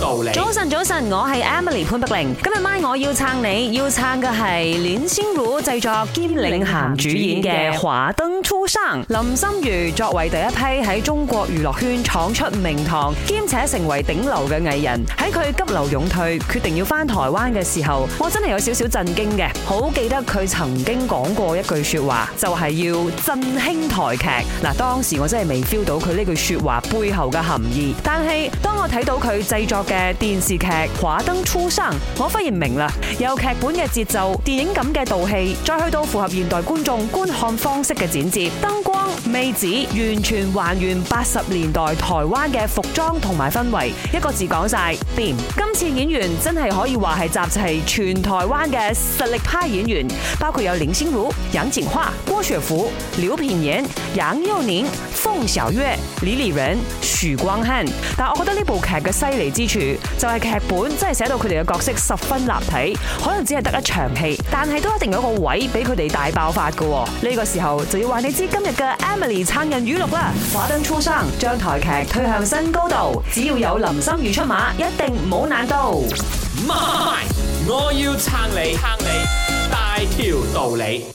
到早晨早晨，我係 Emily 潘碧玲。今日晚我要撐你，要撐嘅係《戀仙侶》製作兼領銜主演嘅華燈初上林心如。作為第一批喺中國娛樂圈闖出名堂，兼且成為頂流嘅藝人，喺佢急流勇退決定要返台灣嘅時候，我真係有少少震驚嘅。好記得佢曾經講過一句說話，就係、是、要振興台劇。嗱，當時我真係未 feel 到佢呢句說話背後嘅含義。但係當我睇到佢。佢製作嘅電視劇《華燈初生》，我忽然明啦，由劇本嘅節奏、電影感嘅導戲，再去到符合現代觀眾觀看方式嘅剪接、燈光、美指，完全還原八十年代台灣嘅服裝同埋氛圍。一個字講晒掂。今次演員真係可以話係集齊全台灣嘅實力派演員，包括有林心如、楊謹華、郭雪芙、劉品言、楊祐寧。小 l 鐘曉珏、李麗 n 許光漢，但係我覺得呢部劇嘅犀利之處就係劇本真係寫到佢哋嘅角色十分立體，可能只係得一場戲，但係都一定有一個位俾佢哋大爆發嘅。呢個時候就要話你知今日嘅 Emily 撐人語錄啦，華燈初生將台劇推向新高度，只要有林心如出馬，一定唔好難度。我要撐你，撐你大條道理。